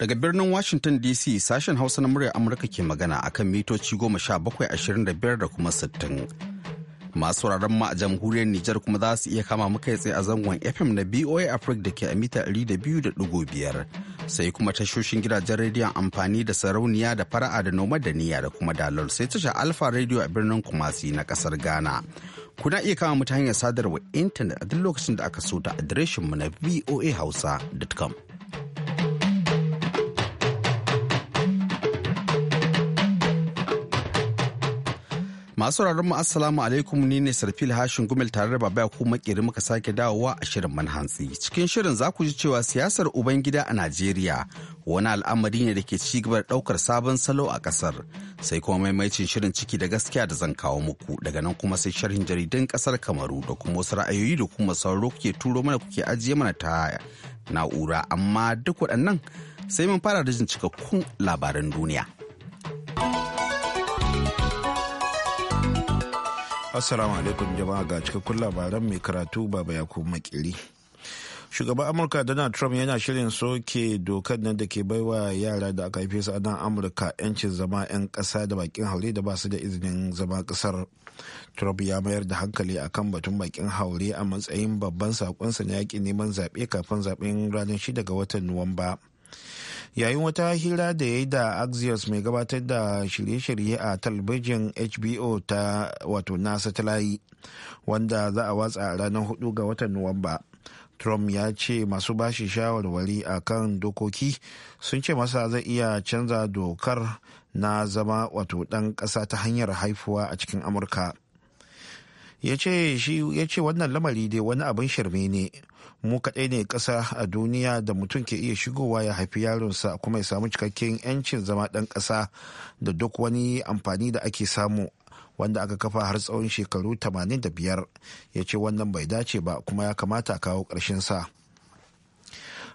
Daga birnin Washington DC sashen Hausa na muryar Amurka ke magana akan mitoci goma sha bakwai ashirin da biyar da kuma sittin. Masu wuraren ma a jamhuriyar Nijar kuma za su iya kama muka tsaye a zangon FM na BOA Africa da ke a mita ɗari biyu da biyar. Sai kuma tashoshin gidajen rediyon amfani da sarauniya da fara'a da noma da niyya da kuma dalar sai tasha Alfa Radio a birnin Kumasi na kasar Ghana. kuna iya kama mu ta hanyar sadarwa intanet a duk lokacin da aka so ta adireshinmu na voahausa.com. Masu mu Assalamu alaikum ni ne Sarfil Hashin Gumel tare da Baba ko makeri muka sake dawowa a shirin manhantsi. Cikin shirin za ku ji cewa siyasar Ubangida a Najeriya wani al'amari ne da ke ci gaba da ɗaukar sabon salo a ƙasar. Sai kuma maimaicin shirin ciki da gaskiya da zan kawo muku daga nan kuma sai sharhin jaridan kasar Kamaru da kuma wasu ra'ayoyi da kuma sauro kuke turo mana kuke ajiye mana ta na'ura amma duk waɗannan sai mun fara da jin cikakkun labaran duniya. Assalamu alaikum jama'a ga cikakkun labaran mai karatu baba ya kuma makili. Shugaban Amurka Donald Trump yana shirin soke dokar nan da ke baiwa yara da aka haife su a nan Amurka 'yancin zama 'yan ƙasa da bakin haure da ba su da izinin zama kasar. Trump ya mayar da hankali akan batun bakin haure a matsayin babban sakonsa na yakin neman zaɓe kafin zaɓen ranar 6 ga watan Nuwamba. yayin wata hira da ya yi da axios mai gabatar da shirye-shirye a talabijin hbo ta wato na satalayi wanda za a watsa a ranar hudu ga watan nuwamba trump ya ce masu bashi shawarwari a kan dokoki sun ce masa zai iya canza dokar na zama wato 'dan ƙasa ta hanyar haifuwa a cikin amurka ya ce wannan lamari dai wani abin shirme ne mu kaɗai ne ƙasa a duniya da mutum ke iya shigowa ya haifi yaronsa kuma ya samu cikakken 'yancin zama ɗan ƙasa da duk wani amfani da ake samu wanda aka kafa har tsawon shekaru 85 ya ce wannan bai dace ba kuma ya kamata a kawo ƙarshen sa.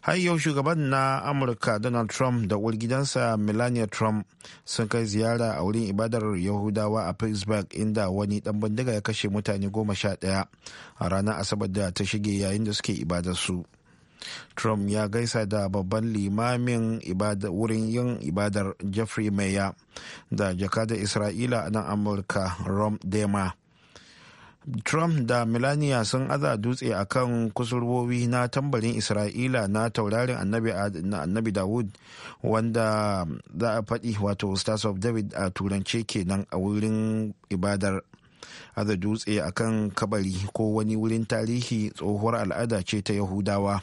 har yau shugaban na amurka donald trump da uwar gidansa melania trump sun kai ziyara a wurin ibadar yahudawa a pittsburgh inda wani dan bindiga ya kashe mutane goma sha daya a ranar asabar da ta shige yayin da suke su trump ya gaisa da babban limamin wurin yin ibadar jeffrey mayer da jakadar isra'ila a nan amurka rom dema Trump da Melania sun aza dutse a kan kusurwowi na tambarin Isra'ila na taurarin annabi Dawud wanda za a faɗi wato Stars of David a turance kenan a wurin ibadar. Aza dutse a kan kabari ko wani wurin tarihi tsohuwar al'ada ce ta Yahudawa.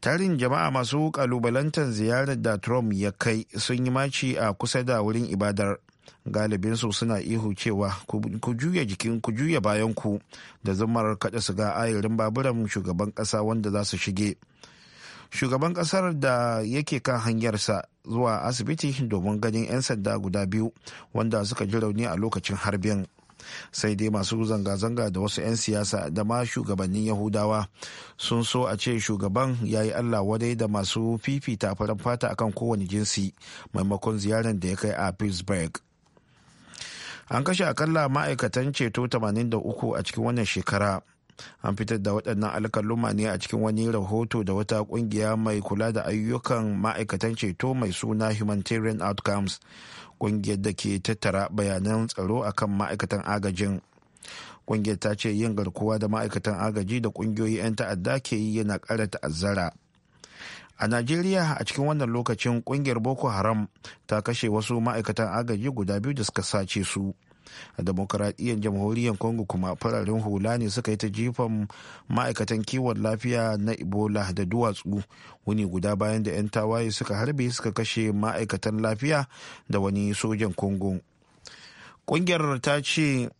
tarin jama'a masu kalubalantar ziyarar da trump ya kai sun yi maci a kusa da wurin ibadar galibinsu suna ihu cewa ku juya jikin ku juya bayan ku da zumar kada su ga ayarin baburan shugaban kasa wanda za su shige shugaban kasar da yake kan hanyarsa zuwa asibiti domin ganin 'yan sanda guda biyu wanda suka ji rauni a lokacin harbin sai dai masu zanga-zanga da wasu 'yan siyasa da ma shugabannin yahudawa sun so a ce shugaban ya yi allah wadai da masu fifita farin fata akan kowane jinsi maimakon ziyarar da ya kai a pittsburgh an kashe akalla ma'aikatan ceto 83 a cikin wannan shekara an fitar da waɗannan alkaluma ne a cikin wani rahoto da wata ƙungiya mai kula da ayyukan ma'aikatan ceto mai suna humanitarian outcomes ƙungiyar da ke tattara bayanan tsaro akan ma'aikatan agajin ƙungiyar ta ce yin garkuwa da ma'aikatan agaji da ƙungiyoyi 'yan ta'adda ke yi yana ƙara ta'azzara a najeriya a cikin wannan lokacin kungiyar boko haram ta kashe wasu ma'aikatan agaji guda biyu da suka sace su a demokaradiyyar jamhuriyar congo kuma fararen hula ne suka yi ta jifan ma'aikatan kiwon lafiya na ebola da duwatsu wuni guda bayan da 'yan tawaye suka harbe suka kashe ma'aikatan lafiya da wani sojan congo ƙungiyar ta ce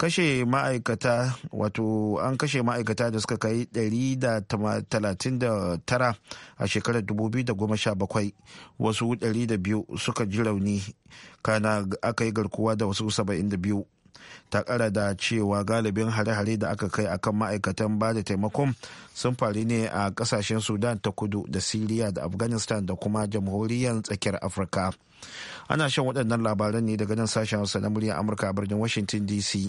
kashe ma'aikata wato an kashe ma'aikata da suka kai 139 a shekarar 2017 wasu 200 suka ji rauni kana aka yi garkuwa da wasu 72 ta kara da cewa galibin hare-hare da aka kai akan ma'aikatan ba da taimakon sun faru ne a kasashen sudan ta kudu da syria da afghanistan da kuma jamhuriyar tsakiyar afirka ana shan waɗannan labaran ne daga nan sashen hausa na muryar amurka a birnin washington dc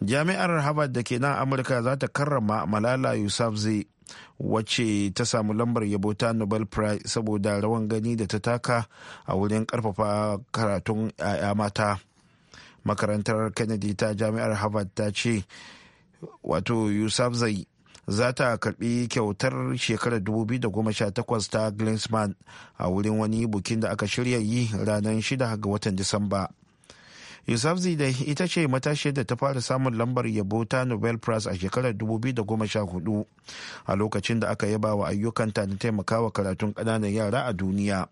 jami'ar harvard da ke nan amurka za ta karrama malala yousafzai wacce ta samu lambar yabo ta nobel prize saboda rawan gani da ta taka a wurin karfafa karatun 'ya'ya mata makarantar kennedy ta jami'ar harvard ta ce wato yousafzai za ta karbi kyautar shekarar 2018 ta Glinsman a wurin wani bukin da aka shirya yi ranar 6 ga watan Disamba. Yousafzai da ita ce matashi da ta fara samun lambar yabo ta Nobel Prize a shekarar 2014 a lokacin da aka yaba wa ayyukanta na taimakawa karatun kananan yara a duniya.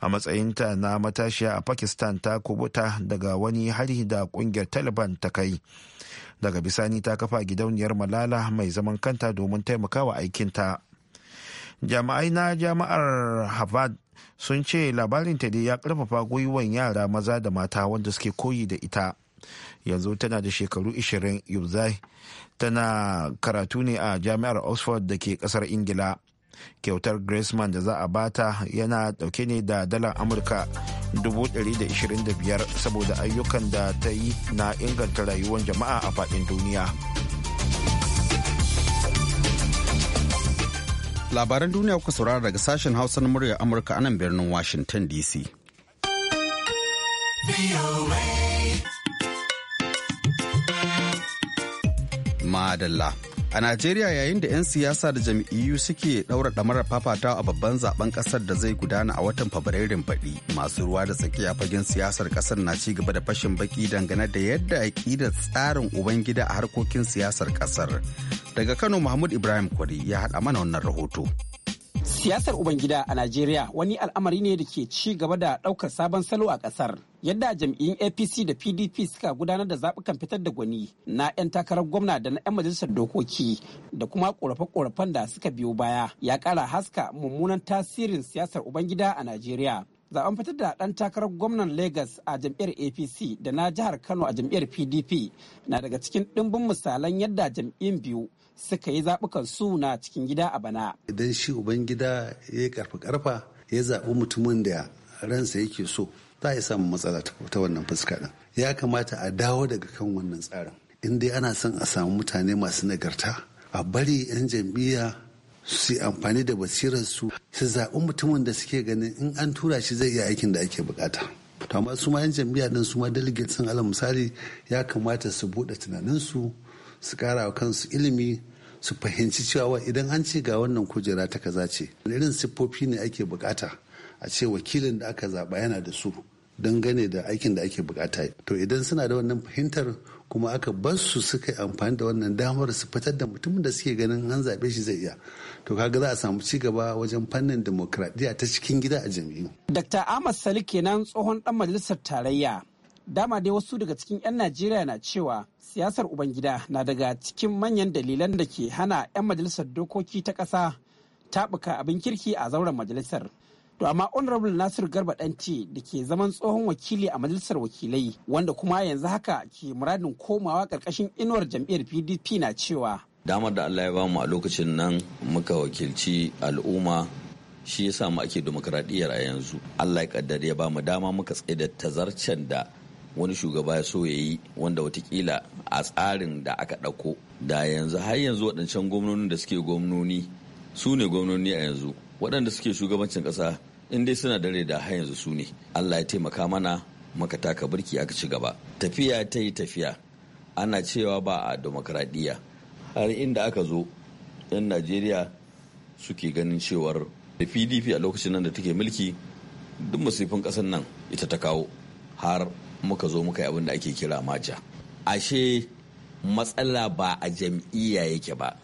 A matsayinta na matashiya a Pakistan ta kubuta daga wani hari da kungiyar Taliban ta kai. Daga bisani ta kafa gidauniyar Malala mai zaman kanta domin taimakawa aikinta. Jami'ai na jami'ar Harvard sun ce labarinta dai ya karfafa gwiwan yara maza da mata wanda suke koyi da ita yanzu tana da shekaru 20 yuzai tana karatu ne a jami'ar oxford da ke kasar ingila kyautar graceman da za a bata yana dauke ne da dalar amurka 125 saboda ayyukan da ta yi na inganta rayuwar jama'a a faɗin duniya. labaran duniya kuka saurara daga sashen hausa na murya amurka anan birnin washington dc madalla A Najeriya yayin da 'yan siyasa da jam'iyyu suke ɗaura ɗamarar fafata a babban zaben ƙasar da zai gudana a watan Fabrairun baɗi, masu ruwa da tsakiya fagen siyasar ƙasar na ci gaba da fashin baki dangane da yadda aƙidar tsarin Ubangida a harkokin siyasar ƙasar. Daga Kano Mahmud Ibrahim Kwari ya haɗa mana wannan rahoto. Siyasar Ubangida a Najeriya wani al'amari ne da ke ci gaba da ɗaukar sabon salo a ƙasar. Yadda jam'iyyun APC da PDP suka gudanar da zaɓukan fitar da gwani na 'yan takarar gwamna da na 'yan majalisar dokoki da kuma ƙorafe-ƙorafen da suka biyo baya ya ƙara haska mummunan tasirin siyasar Ubangida a Najeriya. zaben fitar da ɗan takarar gwamnan Legas a jam'iyyar APC da na jihar Kano a jam'iyyar PDP na daga cikin ɗimbin misalan yadda jam'iyyun biyu suka yi zaɓukan su na cikin gida a bana. Idan shi Ubangida ya karfa karfa ya zaɓi mutumin da ransa yake so za a samun matsala ta wannan fuska ɗin. Ya kamata a dawo daga kan wannan tsarin. In dai ana son a samu mutane masu nagarta a bari 'yan jam'iyya su yi amfani da basirarsu su zaɓi mutumin da suke ganin in an tura shi zai iya aikin da ake bukata. to amma su ma 'yan jam'iyya din su ma delegates alal misali ya kamata su buɗe tunaninsu su kara wa kansu ilimi su fahimci cewa idan an ce ga wannan kujera ta kaza ce irin siffofi ne ake bukata a ce wakilin da aka zaba yana da su dangane da aikin da ake bukata to idan suna da wannan fahimtar kuma aka bar su suka yi amfani da wannan damar su fitar da mutumin da suke ganin an zaɓe shi zai iya to kaga za a samu ci gaba wajen fannin demokradiyya ta cikin gida a jam'iyyu. dr ahmad salik kenan tsohon dan majalisar tarayya dama dai wasu daga cikin 'yan najeriya na cewa siyasar ubangida na daga cikin manyan dalilan da ke hana 'yan majalisar dokoki ta ƙasa taɓuka abin kirki a zauren majalisar to amma honorable nasiru garba danti da ke zaman tsohon wakili a majalisar wakilai wanda kuma yanzu haka ke muradin komawa ƙarƙashin inuwar jam'iyyar pdp na cewa damar da allah ya bamu a lokacin nan muka wakilci al'umma shi ya mu ake demokaradiyyar a yanzu allah ya kaddare ya bamu dama muka tsaye da tazarcen da wani shugaba ya so ya yi wanda watakila a tsarin da aka ɗauko da yanzu har yanzu waɗancan gwamnoni da suke gwamnoni su ne gwamnoni a yanzu waɗanda suke shugabancin ƙasa in dai suna dare da har yanzu su ne allah ya taimaka mana maka taka birki aka ci gaba tafiya ta yi tafiya ana cewa ba a demokradiyya har inda aka zo 'yan najeriya suke ganin cewar da pdp a lokacin nan da take mulki duk masifin ƙasar nan ita ta kawo har muka zo muka yi abin da ake kira maja ashe matsala ba a jam'iyya yake ba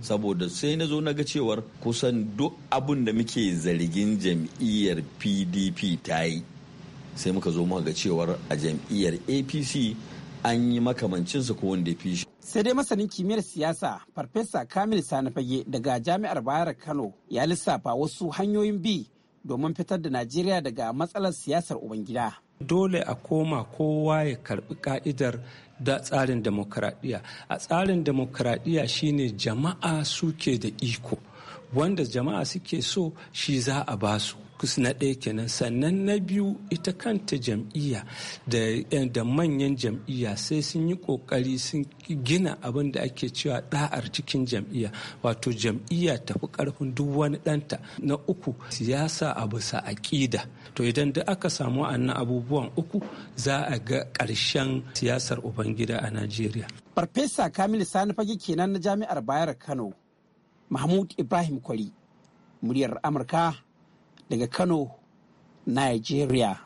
saboda sai na zo na ga cewar kusan duk abin da muke zargin jam'iyyar pdp ta yi sai muka zo muka ga cewar a jam'iyyar apc an yi makamancinsa ko wanda fi shi sai dai masanin kimiyyar siyasa farfesa kamil sanafage daga jami'ar bayar kano ya lissafa wasu hanyoyin bi domin fitar da najeriya daga matsalar siyasar ubangida dole a koma kowa ya karbi ka'idar da tsarin demokradiyya a tsarin demokradiyya shine jama'a suke da iko wanda jama'a suke so shi za a ba su na ɗaya kenan sannan na biyu ita kanta jam'iyya eh, da manyan jam'iyya sai sun yi ƙoƙari sun gina abin da ake cewa ɗa'ar cikin jam'iyya wato jam'iyya tafi ƙarfin duk wani ɗanta na uku siyasa a bisa aƙida to idan da aka samu annan abubuwan uku za a ga ƙarshen siyasar ubangida a najeriya farfesa kamilu sani fage kenan na jami'ar bayar kano mahmud ibrahim kwari muryar amurka daga kano nigeria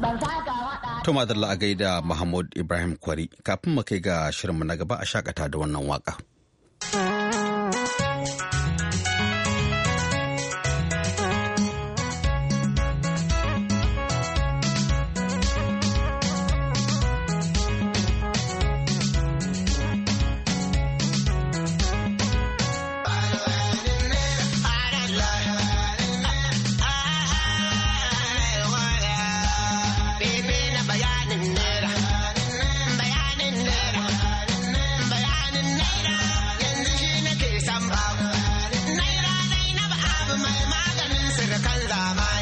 Ban koma a gaida Mahmud Ibrahim Kwari kafin mu kai ga shirinmu na gaba a shakata da wannan waka. my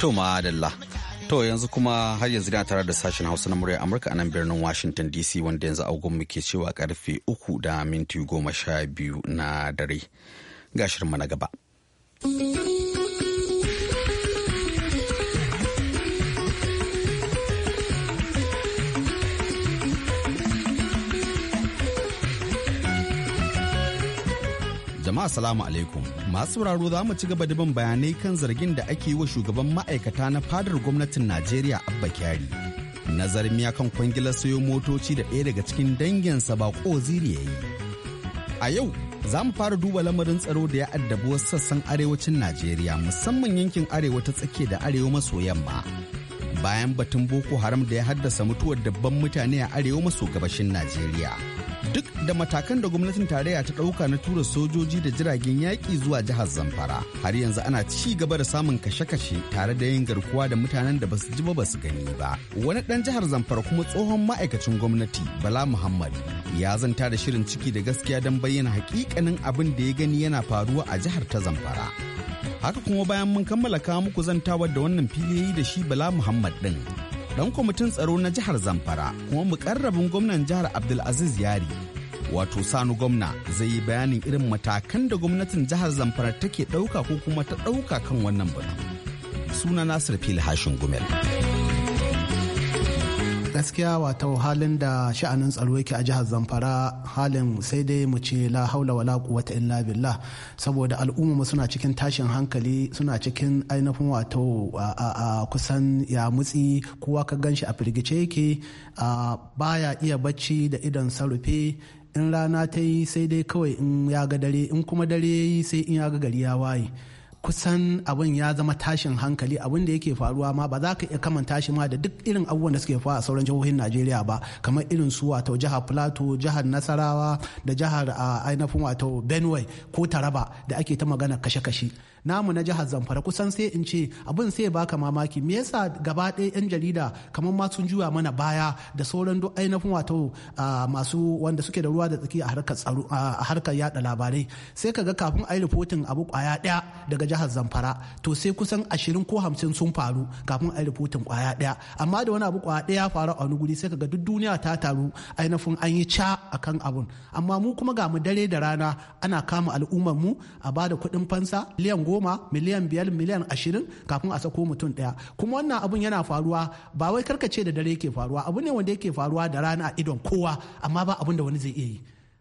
To ma'adalla. To yanzu kuma har yanzu na tare da sashen Hausa na murya Amurka a nan birnin Washington DC wanda yanzu mu ke cewa karfe uku da minti goma sha biyu na dare. Ga na gaba. Jama'a salamu alaikum. Masu sauraro za mu ci gaba da bin bayanai kan zargin da ake yi wa shugaban ma'aikata na fadar gwamnatin Najeriya Abba Kyari. Nazarin ya kan kwangilar sayo motoci da ɗaya daga cikin danginsa ba ziri ya yi. A yau za mu fara duba lamarin tsaro da ya addabi wasu sassan arewacin Najeriya musamman yankin arewa ta tsakiya da arewa maso yamma. Bayan batun Boko Haram da ya haddasa mutuwar dabban mutane a arewa maso gabashin Najeriya. duk da matakan da gwamnatin tarayya ta ɗauka na tura sojoji da jiragen yaƙi zuwa jihar zamfara har yanzu ana ci gaba da samun kashe-kashe tare da yin garkuwa da mutanen da basu ji ba basu gani ba wani ɗan jihar zamfara kuma tsohon ma'aikacin gwamnati bala muhammad ya zanta da shirin ciki da gaskiya don bayyana hakikanin abin da ya gani yana faruwa a jihar ta zamfara haka kuma bayan mun kammala kawo muku zantawar da wannan fili da shi bala muhammad ɗin dan kwamitin tsaro na jihar zamfara kuma mukarrabin gwamnan jihar abdulaziz yari wato sanu gwamna zai yi bayanin irin matakan da gwamnatin jihar zamfara take ɗauka ko kuma ta ɗauka kan wannan batu suna nasir fil hashin gumel. gaskiya wato halin da sha'anin tsaro yake a jihar zamfara halin sai dai mu ce la haula wala quwwata illa billah saboda al'umma suna cikin tashin hankali suna cikin ainihin wato a kusan ya mutsi kowa ka ganshi a firgice yake baya iya bacci da idon sarufe in rana ta yi sai dai kawai in ya ga dare in kuma dare sai in ya ga gari ya waye kusan abin ya zama tashin hankali abin da yake faruwa ma ba za ka iya kaman tashi ma da duk irin abubuwan da suke faruwa a sauran jihohin Najeriya ba kamar irin su wato jihar Plateau jihar Nasarawa da jihar ah, ainihin wato Benue ko Taraba da ake ta magana kashe-kashe namu na jihar zamfara kusan sai in ce abin sai baka mamaki me yasa gaba ɗaya yan jarida kamar ma sun juya mana baya da sauran duk ainihin wato masu wanda suke da ruwa da tsaki a harkar tsaro yada labarai sai kaga kafin ayi rifotin abu kwaya ɗaya daga jihar zamfara to sai kusan ashirin ko hamsin sun faru kafin ayi rifotin kwaya ɗaya amma da wani abu kwaya ɗaya faru a wani guri sai kaga duk duniya ta taru ainihin an yi ca akan abun amma mu kuma ga mu dare da rana ana kama al'ummar mu a bada kuɗin fansa liyan goma miliyan biyar miliyan ashirin kafin a sako mutum ɗaya kuma wannan abun yana faruwa ba wai karkace da dare yake faruwa abu ne wanda yake faruwa da rana a idon kowa amma ba abun da wani zai iya yi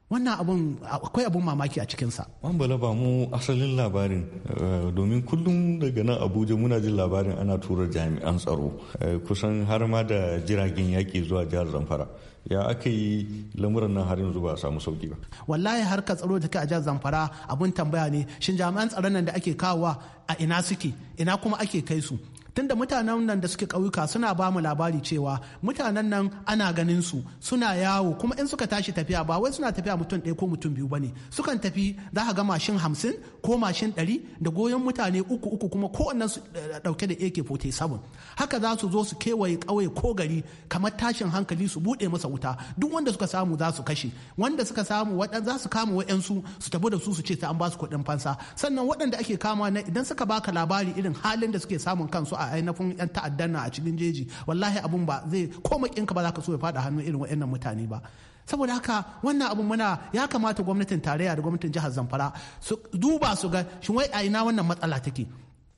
wannan abun akwai abun mamaki a cikinsa. An bala ba mu asalin labarin eh, domin kullum daga nan Abuja muna jin labarin ana tura jami'an tsaro eh, kusan har ma da jiragen yaƙi zuwa jihar Zamfara. ya aka yi lamuran nan har yanzu ba a samu sauki ba wallahi harkar tsaro da take a jihar zamfara abun tambaya ne shin jami'an tsaron nan da ake kawowa a ina suke ina kuma ake kai su tunda mutanen nan da suke kauyuka suna ba mu labari cewa mutanen nan ana ganin su suna yawo kuma in suka tashi tafiya ba wai suna tafiya mutum ɗaya ko mutum biyu bane sukan tafi za ka ga mashin hamsin ko mashin ɗari da goyon mutane uku uku kuma ko wannan su eh, ɗauke da ak-47 haka za su zo su kewaye kauye ko gari kamar tashin hankali su buɗe masa wuta duk wanda suka samu za su kashe wanda suka samu waɗan za su kama wa'yansu su tafi da su su ce ta an ba su kuɗin fansa sannan waɗanda ake kama na idan suka baka labari irin halin da suke samun kansu a ainihin yan ta'addan na a cikin jeji wallahi abun ba zai ko ba za ka so ya fada hannu irin waɗannan mutane ba saboda haka wannan abun muna ya kamata gwamnatin tarayya da gwamnatin jihar zamfara su duba su ga shin wai a ina wannan matsala take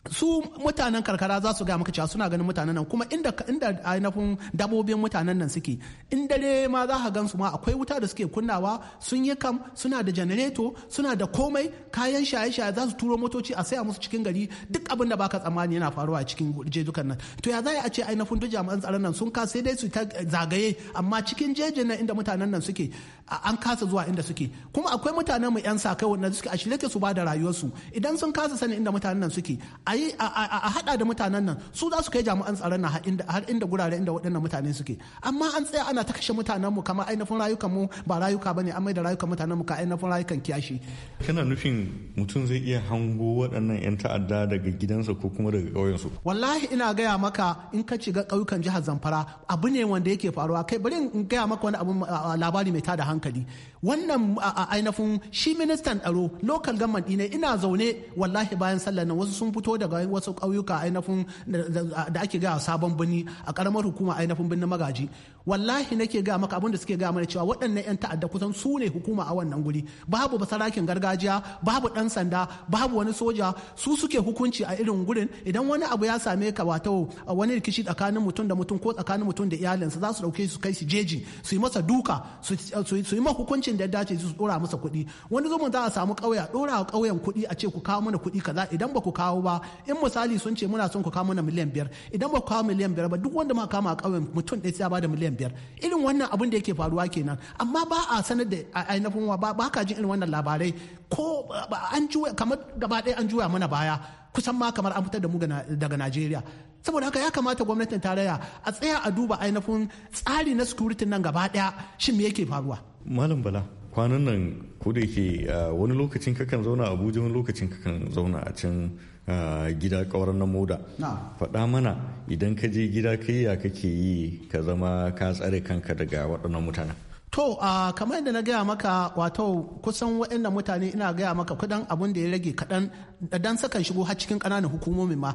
su mutanen karkara za su ga maka cewa suna ganin mutanen nan kuma inda inda ainihin dabobin mutanen nan suke in dare ma za ka gan su ma akwai wuta da suke kunnawa sun yi kam suna da janareto suna da komai kayan shaye-shaye za su turo motoci a saya musu cikin gari duk abin da baka tsammani yana faruwa a cikin jejukan nan to ya za a ce ainihin duk jami'an tsaron nan sun ka sai dai su ta zagaye amma cikin jejin nan inda mutanen nan suke an kasa zuwa inda suke kuma akwai mutanen mu yan sa kai wanda suke a shirye su ba da rayuwarsu idan sun kasa sanin inda mutanen nan suke a yi a hada da mutanen nan su za su kai jami'an tsaron nan har inda gurare inda waɗannan mutane suke amma an tsaya ana ta kashe mutanen mu kamar ainihin rayukan mu ba rayuka ne, an mai da rayukan mutanen mu ka ainihin rayukan kiyashi kana nufin mutum zai iya hango waɗannan yan ta'adda daga gidansa ko kuma daga ƙauyensu wallahi ina gaya maka in ka shiga ƙauyukan jihar Zamfara abu ne wanda yake faruwa kai bari in gaya maka wani abu labari mai tada hankali wannan a ainihin shi ministan tsaro local government ne ina zaune wallahi bayan sallar nan wasu sun fito daga wasu ƙauyuka ainihin da ake gaya sabon birni a ƙaramar hukuma ainihin birnin magaji wallahi nake ga maka abin da suke gaya mana cewa waɗannan 'yan ta'adda kusan su ne hukuma a wannan guri babu basarakin gargajiya babu ɗan sanda babu wani soja su suke hukunci a irin gurin idan wani abu ya same ka wato wani rikici tsakanin mutum da mutum ko tsakanin mutum da iyalinsa za su ɗauke su kai su jeji su yi masa duka su yi mahukunci lokacin da ya dace su dora masa kuɗi wani zumun za a samu ƙauye a dora wa ƙauyen kuɗi a ce ku kawo mana kuɗi kaza idan ba ku kawo ba in misali sun ce muna son ku kawo mana miliyan biyar idan ba ku kawo miliyan biyar ba duk wanda ma kama a ƙauyen mutum ɗaya sai ya bada miliyan biyar irin wannan abin da yake faruwa kenan amma ba a sanar da ainihin wa ba ka jin irin wannan labarai ko an juya kamar gaba ɗaya an juya mana baya kusan ma kamar an fitar da mu daga Najeriya saboda haka ya kamata gwamnatin tarayya a tsaya a duba ainihin tsari na security nan gaba daya shin me yake faruwa malam bala kwanan nan ko da yake wani lokacin kakan zauna abuja wani lokacin kakan zauna a can gida kauran na moda faɗa mana idan ka je gida yi ya kake yi ka zama ka tsare kanka daga waɗannan mutanen To, kamar yadda na gaya maka wato kusan waɗannan mutane ina gaya maka kudan abin da ya rage kaɗan da dan sakan shigo har cikin ƙananan hukumomi ma.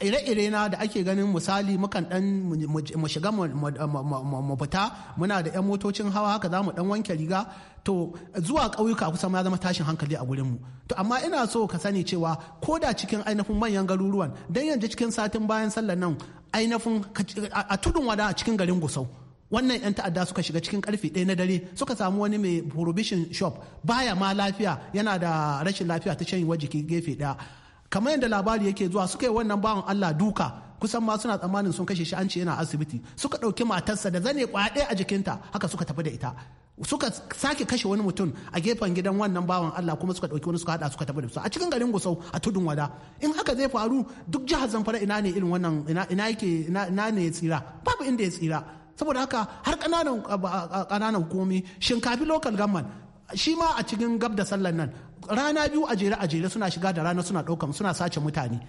ire-ire na da ake ganin misali mukan dan mu shiga mu fita muna da 'yan motocin hawa haka za mu dan wanke riga to zuwa ƙauyuka kusan ya zama tashin hankali a gurin mu to amma ina so ka sani cewa ko da cikin ainihin manyan garuruwan dan yanzu cikin satin bayan sallar nan ainihin a tudun wada a cikin garin gusau wannan 'yan ta'adda suka shiga cikin karfe ɗaya na dare suka samu wani mai prohibition shop baya ma lafiya yana da rashin lafiya ta shan jiki gefe ɗaya kamar yadda labari yake zuwa suka yi wannan bawan Allah duka kusan ma suna tsammanin sun kashe shi an ce yana asibiti suka ɗauki matarsa da zane kwaɗe a jikinta haka suka tafi da ita suka sake kashe wani mutum a gefen gidan wannan bawan Allah kuma suka ɗauki wani suka haɗa suka tafi da su a cikin garin Gusau a tudun wada in haka zai faru duk jihar Zamfara ina ne irin wannan ina yake ina ne ya tsira babu inda ya tsira saboda haka har ƙananan ƙananan hukumomi shinkafi local government shi ma a cikin gab da sallan nan rana biyu a jere a jere suna shiga da rana suna ɗaukan suna sace mutane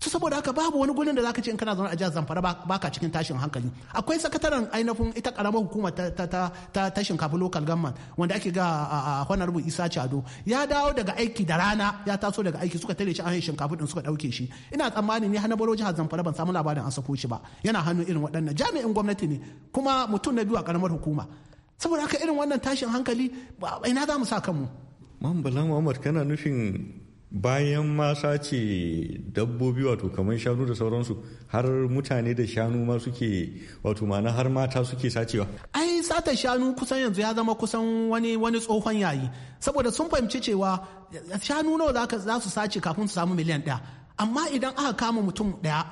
su saboda haka babu wani gurin da zaka ce in kana zaune a jihar Zamfara baka cikin tashin hankali akwai sakataren ainihin ita karamar hukumar ta ta ta ta shinkafa local government wanda ake ga a honorable Isa Chado ya dawo daga aiki da rana ya taso daga aiki suka tare shi an shinkafa din suka dauke shi ina tsammani ni hana baro jihar Zamfara ban samu labarin an sako shi ba yana hannu irin waɗannan jami'in gwamnati ne kuma mutum na biyu a karamar hukuma saboda haka irin wannan tashin hankali ina za mu sa kanmu Mambalan muhammad kana nufin bayan ma sace dabbobi wato kamar shanu da sauransu har mutane da shanu ma suke wato ma'ana har mata suke sacewa ai sata shanu kusan yanzu ya zama kusan wani wani tsohon yayi saboda sun fahimci cewa shanu nawa zaka za su sace kafin su samu miliyan ɗaya amma idan aka kama mutum ɗaya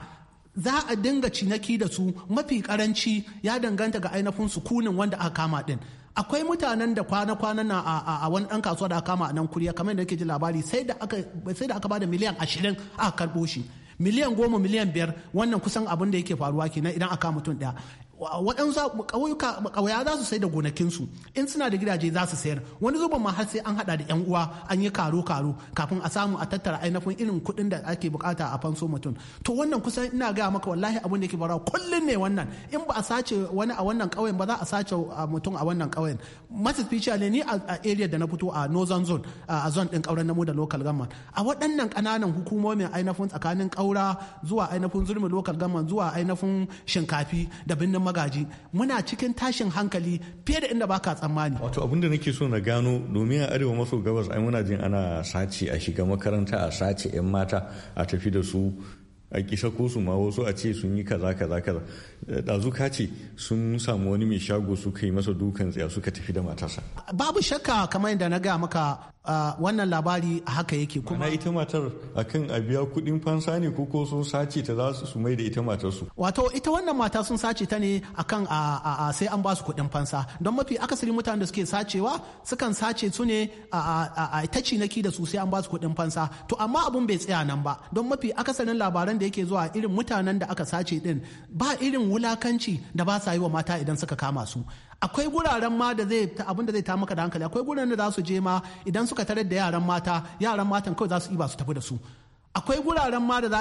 za a dinga cinaki da su mafi karanci ya danganta ga ainihin sukunin wanda aka kama din akwai mutanen da kwana-kwana na a wani dan kasuwa da aka kama a nan kuriya kamar da ake ji labari sai da aka bada miliyan ashirin a karɓo shi miliyan goma miliyan biyar wannan kusan abin da yake faruwa kenan idan aka mutum daya waɗansu ƙauyuka za su sai da gonakinsu in suna da gidaje za su sayar wani zuban ma har sai an haɗa da yan uwa an yi karo karo kafin a samu a tattara ainihin irin kuɗin da ake bukata a fanso mutum to wannan kusan ina gaya maka wallahi abin da yake bara kullum ne wannan in ba a sace wani a wannan ƙauyen ba za a sace mutum a wannan ƙauyen masu ficha ne ni a area da na fito a northern zone a zone din ƙauren namu da local government a waɗannan ƙananan hukumomin ainihin tsakanin ƙaura zuwa ainihin zurmi local government zuwa ainihin shinkafi da birnin magaji muna cikin tashin hankali fiye da inda ka tsammani wato abin da nake so na gano domin a arewa maso gabas ai muna jin ana sace a shiga makaranta a sace yan mata a tafi da su a kisa ko su ma wasu a ce sun yi kaza kaza kaza Eh, ɗazu ka ce sun samu wani mai shago suka yi masa dukan tsaya suka tafi da matarsa babu shakka kamar yadda na gaya maka ah, wannan labari haka yake kuma na ita matar akan a biya kudin fansa ne ko ko sun sace ta za su mai da ita matar wato ita wannan mata sun sace ta ne akan a sai an ba su kuɗin fansa don mafi akasari mutanen da suke sacewa sukan sace su ne a ta cinaki da su sai an ba su kuɗin fansa to amma abun bai tsaya nan ba don mafi akasarin labaran da yake zuwa irin mutanen da aka sace din ba irin wulakanci da ba sa yi wa mata idan suka kama su akwai guraren ma da zai abin da zai ta maka da hankali akwai guraren da za su je ma idan suka tarar da yaran mata yaran matan kawai za su iba su tafi da su akwai guraren ma da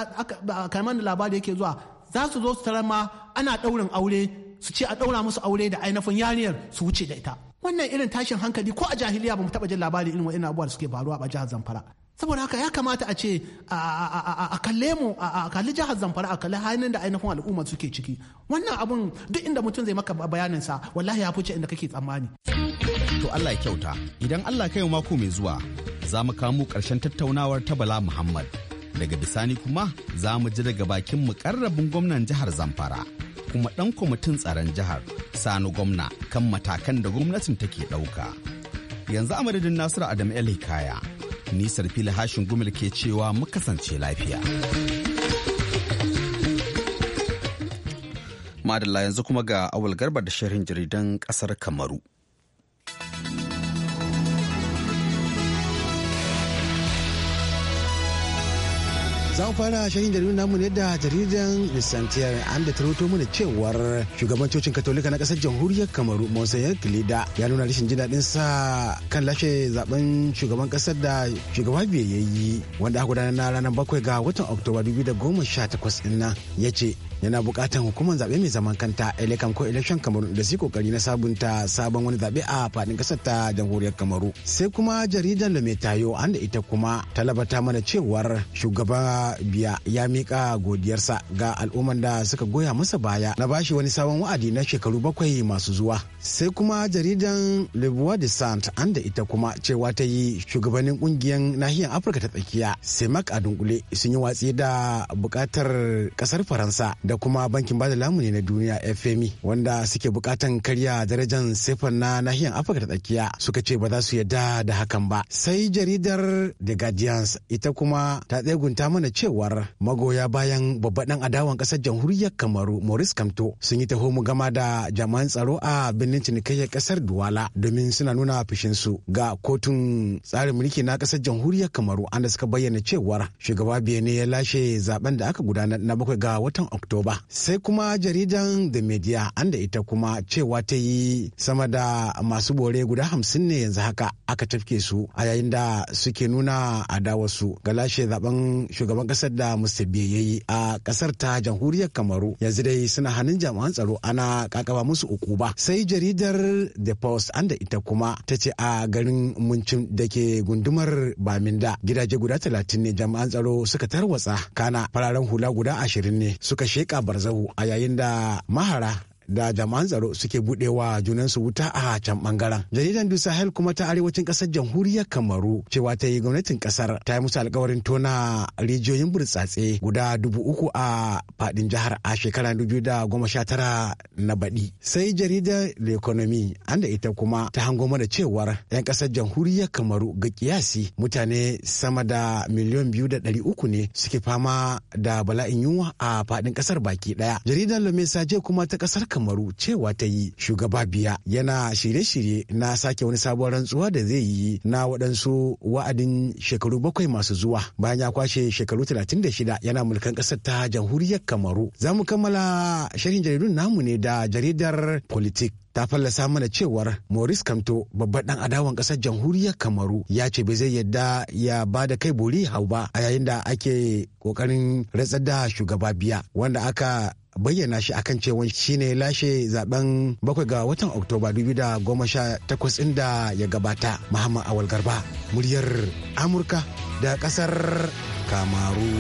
kamar da labari yake zuwa za su zo su tarar ma ana daurin aure su ce a daura musu aure da ainihin yariyar su wuce da ita wannan irin tashin hankali ko a jahiliya ba mu taɓa jin labari irin wa'in abubuwa da suke faruwa a jihar zamfara saboda haka ya kamata a ce a kalle mu a kalli jihar zamfara a kalli hanyar da ainihin al'umma suke ciki wannan abun duk inda mutum zai maka bayanin sa wallahi ya fice inda kake tsammani to Allah ya kyauta idan Allah kai mako mai zuwa za mu kamo karshen tattaunawar ta Bala Muhammad daga bisani kuma za mu ji daga bakin mukarrabin gwamnan jihar Zamfara kuma dan kwamitin tsaron jihar Sani gwamna kan matakan da gwamnatin take dauka yanzu a madadin Nasiru Adam El Hikaya Nisar fili hashin gumil ke cewa muka kasance lafiya. Madalla yanzu kuma ga awul garba da shirin jaridan kasar Kamaru. mu fara shahin jaridar namu ne da jaridan Lissantiyar an da taroto mana cewar shugaban cocin Katolika na kasar jamhuriyar Kamaru Monsayar Kilida ya nuna rashin jin daɗin sa kan lashe zaben shugaban kasar da shugaba bai yayi wanda aka gudanar na ranar bakwai ga watan Oktoba 2018 ɗin nan ya ce yana bukatan hukumar zaɓe mai zaman kanta elekam ko election kamaru da su kokari na sabunta sabon wani zaɓe a faɗin ƙasar ta jamhuriyar kamaru sai kuma jaridar tayo an da ita kuma talabata mana cewar shugaba biya ya miƙa godiyarsa ga al'umman da suka goya masa baya na bashi wani sabon wa'adi na shekaru bakwai masu zuwa sai kuma jaridan le voix de saint an da ita kuma cewa ta yi shugabannin kungiyar nahiyar afirka ta tsakiya semak a dunkule sun yi watsi da bukatar kasar faransa da kuma bankin bada lamuni na duniya fmi e, wanda suke bukatan karya darajar sifan na nahiyar afirka ta tsakiya suka ce ba za su yarda da hakan ba sai jaridar the guardians ita kuma ta tsegunta mana cewar magoya bayan babban dan adawan kasar jamhuriyar kamaru maurice kamto sun yi taho mu gama da jami'an tsaro a birnin cinikayyar kasar duwala domin suna nuna su ga kotun tsarin mulki na kasar jamhuriyar kamaru anda suka bayyana cewar shugaba biyane ya lashe zaben da aka gudanar na bakwai ga watan oktoba fito ba sai kuma jaridan da media anda ita kuma cewa ta yi sama da masu bore guda hamsin ne yanzu haka aka tafke su a yayin da suke nuna a adawarsu ga lashe zaben shugaban kasar da mustabiya ya yi a kasar ta jamhuriyar kamaru yanzu dai suna hannun jami'an tsaro ana kakaba musu uku ba sai jaridar the post an ita kuma ta ce a garin muncin da ke gundumar baminda gidaje guda talatin ne jami'an tsaro suka tarwatsa kana fararen hula guda ashirin ne suka she leƙa barzahu a yayin da mahara da jama'an tsaro suke wa junansu wuta a can bangaren jaridan du sahel kuma ta arewacin kasar jamhuriyar kamaru cewa ta yi gwamnatin ƙasar ta yi musu alkawarin tona rijiyoyin burtsatse guda dubu uku a faɗin jihar a shekara dubu da goma sha tara na baɗi sai jaridar da economy an da ita kuma ta hango mana cewar 'yan kasar jamhuriyar kamaru ga kiyasi mutane sama da miliyan biyu da ɗari uku ne suke fama da bala'in yunwa a faɗin ƙasar baki ɗaya jaridar lomesa kuma ta kasar kamaru cewa ta yi shugaba biya yana shirye-shirye na sake wani sabon rantsuwa da zai yi na waɗansu wa'adin shekaru bakwai masu zuwa bayan ya kwashe shekaru 36 yana mulkan ƙasar ta jamhuriyar kamaru za mu kammala sharhin jaridun namu ne da jaridar politik ta fallasa mana cewar Maurice Kamto babban dan adawan kasar jamhuriyar Kamaru ya ce bai zai yadda ya ba da kai bori hau ba a yayin da ake kokarin ratsar da shugaba biya wanda aka bayyana shi akan cewa shi ne lashe zaben bakwai ga watan oktoba 2018 inda ya gabata muhammad awal garba muryar amurka da kasar kamaru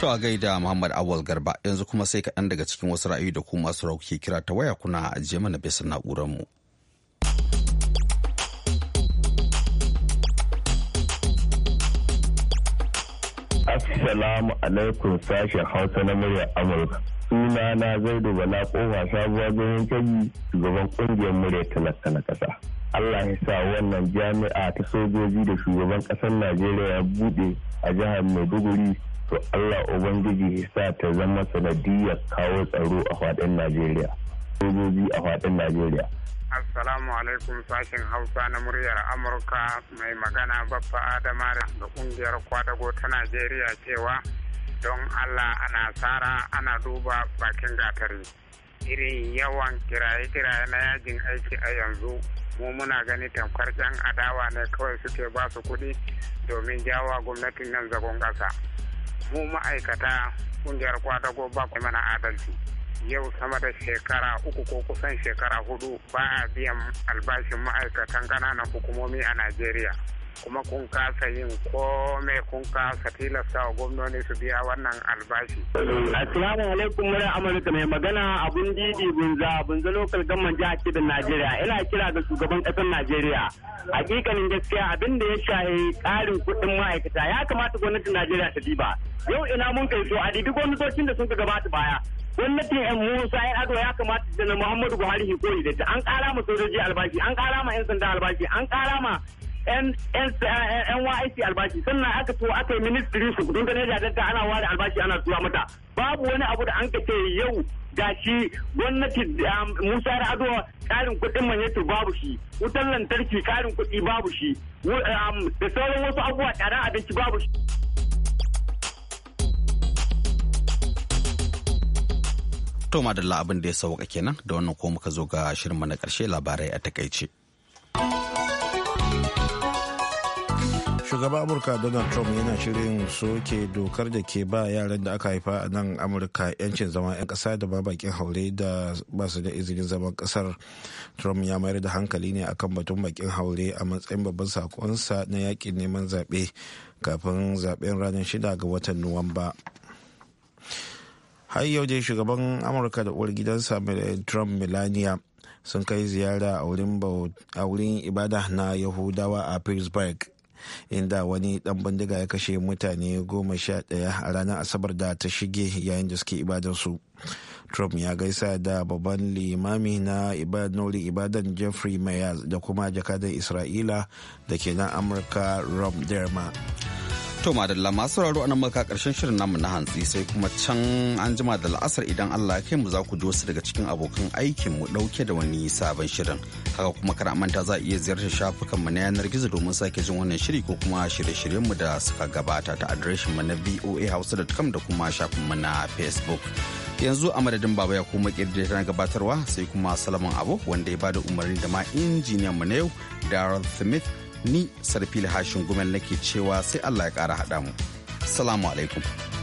to a gaida muhammad awal garba yanzu kuma sai kaɗan daga cikin wasu ra'ayi da kuma masu rauke kira ta waya kuna ajiye mana bisa na'urar mu Assalamu alaikum sashen Hausa na muryar Amurka. Suna na Zaidu Bala kowa sabuwa ganin Kebbi shugaban kungiyar muryar talaka na ƙasa. Allah ya sa wannan jami'a ta sojoji da shugaban ƙasar Najeriya ya bude a jihar Maiduguri to Allah Ubangiji ya sa ta zama sanadiyar kawo tsaro a faɗin Najeriya. Sojoji a faɗin Najeriya. Assalamu alaikum sashen Hausa na muryar Amurka mai magana Baffa Adama da kungiyar kwadago ta Najeriya cewa don Allah ana tsara ana duba bakin gatari. Irin yawan kiraye-kiraye na yajin aiki a yanzu mu muna gani tamkar jan adawa ne kawai suke ba su kuɗi domin jawa gwamnatin nan zagon ƙasa. Mu ma'aikata kungiyar kwadago ba mana adalci. yau sama da shekara uku ko kusan shekara hudu ba a biyan albashin ma'aikatan ƙananan hukumomi a najeriya kuma kun kasa yin komai kun kasa tilasta wa gwamnoni su biya wannan albashi. Assalamu alaikum murar Amurka mai magana abun didi bunza bunza lokal gamman jihar Kebbi Najeriya ina kira ga shugaban ƙasar Najeriya. Hakikanin gaskiya abin da ya shahi karin kuɗin ma'aikata ya kamata gwamnatin Najeriya ta diba. Yau ina mun kai so a didi gwamnatocin da sun ka gabata baya. gwamnatin ƴan musa ya ado ya kamata da muhammadu buhari hikoyi da ta an ƙara ma sojoji albashi an ƙara ma yan sanda albashi an ƙara ma NYC albashi sannan aka to aka yi ministry su don ganin da ana ware albashi ana tura mata babu wani abu da an ka ce yau shi gwamnati um, Musa Rado karin kuɗin man yato babu shi wutar lantarki karin kuɗi babu shi um, da sauran wasu abubuwa tsaron abinci babu shi. To madalla abin da ya sauka kenan da wannan ko muka zo ga shirinmu na ƙarshe labarai a takaice. shugaban amurka donald trump yana shirin soke dokar da ke ba yaran da aka haifa a nan amurka yancin zama 'yan kasa da ma bakin haure da ba su da izinin zaman kasar trump ya mayar da hankali ne akan batun bakin haure a matsayin babban sakonsa na yakin neman zaɓe kafin zaɓen ranar shida ga watan nuwamba har yau dai shugaban amurka da uwar gidansa trump melania sun kai ziyara a wurin ibada na yahudawa a pittsburgh inda wani dan bindiga ya kashe mutane goma sha daya a ranar asabar da ta shige yayin da suke su trump ya gaisa da babban limami na nori ibadan jeffrey mayers da kuma jakadar isra'ila da ke nan amurka rob derma To madalla masu sauraro a nan maka karshen shirin namu na hantsi sai kuma can an jima da la'asar idan Allah ya kai mu za ku ji wasu daga cikin abokan aikin mu dauke da wani sabon shirin. Haka kuma kana manta za a iya ziyartar shafukan mu na yanar gizo domin sake jin wannan shiri ko kuma shirye-shiryen mu da suka gabata ta adireshin mu na voahausa.com da kuma shafin mu na Facebook. Yanzu a madadin baba ya kuma kirda na gabatarwa sai kuma Salaman Abu wanda ya bada umarni da ma injiniyan mu na yau Darren Smith ni sarfili hashin gumel nake cewa sai allah ya ƙara haɗa mu salamu alaikum